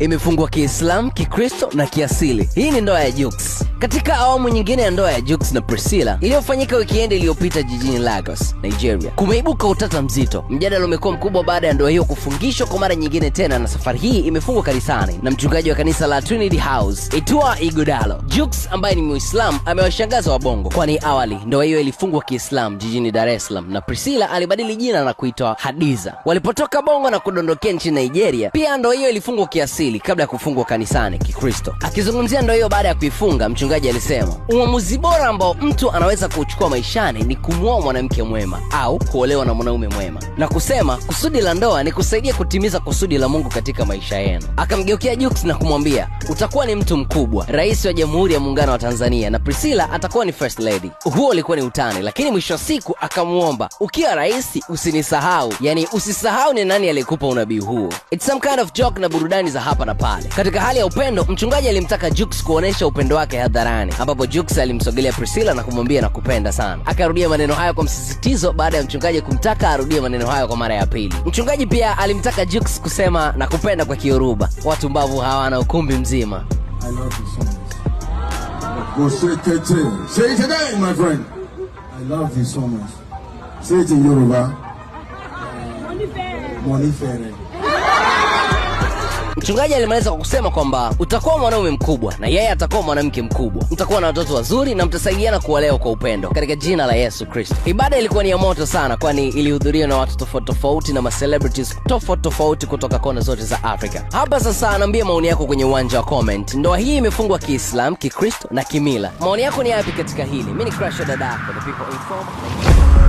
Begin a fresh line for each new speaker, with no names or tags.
imefungwa Kiislamu, Kikristo na kiasili. Hii ni ndoa ya Jux. Katika awamu nyingine ya ndoa ya Jux na Priscilla iliyofanyika wikiendi iliyopita jijini Lagos, Nigeria, kumeibuka utata mzito. Mjadala umekuwa mkubwa baada ya ndoa hiyo kufungishwa kwa mara nyingine tena, na safari hii imefungwa kanisani na mchungaji wa kanisa la Trinity House Itua Ighodalo. Jux ambaye ni Muislamu amewashangaza Wabongo, kwani awali ndoa hiyo ilifungwa Kiislamu jijini Dar es Salaam na Priscilla alibadili jina na kuitwa Hadiza. Walipotoka Bongo na kudondokea nchini Nigeria, pia ndoa hiyo ilifungwa kiasili kabla ya kufungwa kanisani Kikristo. Akizungumzia ndoa hiyo baada ya kuifunga mchungaji alisema uamuzi bora ambao mtu anaweza kuuchukua maishani ni kumwoa mwanamke mwema au kuolewa na mwanaume mwema, na kusema kusudi la ndoa ni kusaidia kutimiza kusudi la Mungu katika maisha yenu. Akamgeukia Jux na kumwambia utakuwa ni mtu mkubwa, rais wa Jamhuri ya Muungano wa Tanzania, na Priscilla atakuwa ni first lady. Huo ulikuwa ni utani, lakini mwisho wa siku akamwomba, ukiwa rais usinisahau, yani usisahau ni nani aliyekupa unabii huo. It's some kind of joke na burudani za hapa na pale. Katika hali ya upendo, mchungaji alimtaka Jux kuonesha upendo wake hadharani ambapo Jux alimsogelea Priscilla na kumwambia nakupenda sana. Akarudia maneno hayo kwa msisitizo baada ya mchungaji kumtaka arudie maneno hayo kwa mara ya pili. Mchungaji pia alimtaka Jux kusema nakupenda kwa Kioruba. Watu mbavu hawana ukumbi mzima.
Monifere. Monifere.
Mchungaji alimaliza kwa kusema kwamba utakuwa mwanaume mkubwa na yeye atakuwa mwanamke mkubwa, mtakuwa na watoto wazuri na mtasaidiana kuwalewa kwa upendo katika jina la Yesu Kristo. Ibada ilikuwa ni ya moto sana, kwani ilihudhuriwa na watu tofauti tofauti na macelebrities tofauti tofauti kutoka kona zote za Afrika. Hapa sasa anaambia maoni yako kwenye uwanja wa comment. Ndoa hii imefungwa Kiislam, Kikristo na kimila. Maoni yako ni yapi katika hili? Mi ni crush ya dada yako, The People Inform.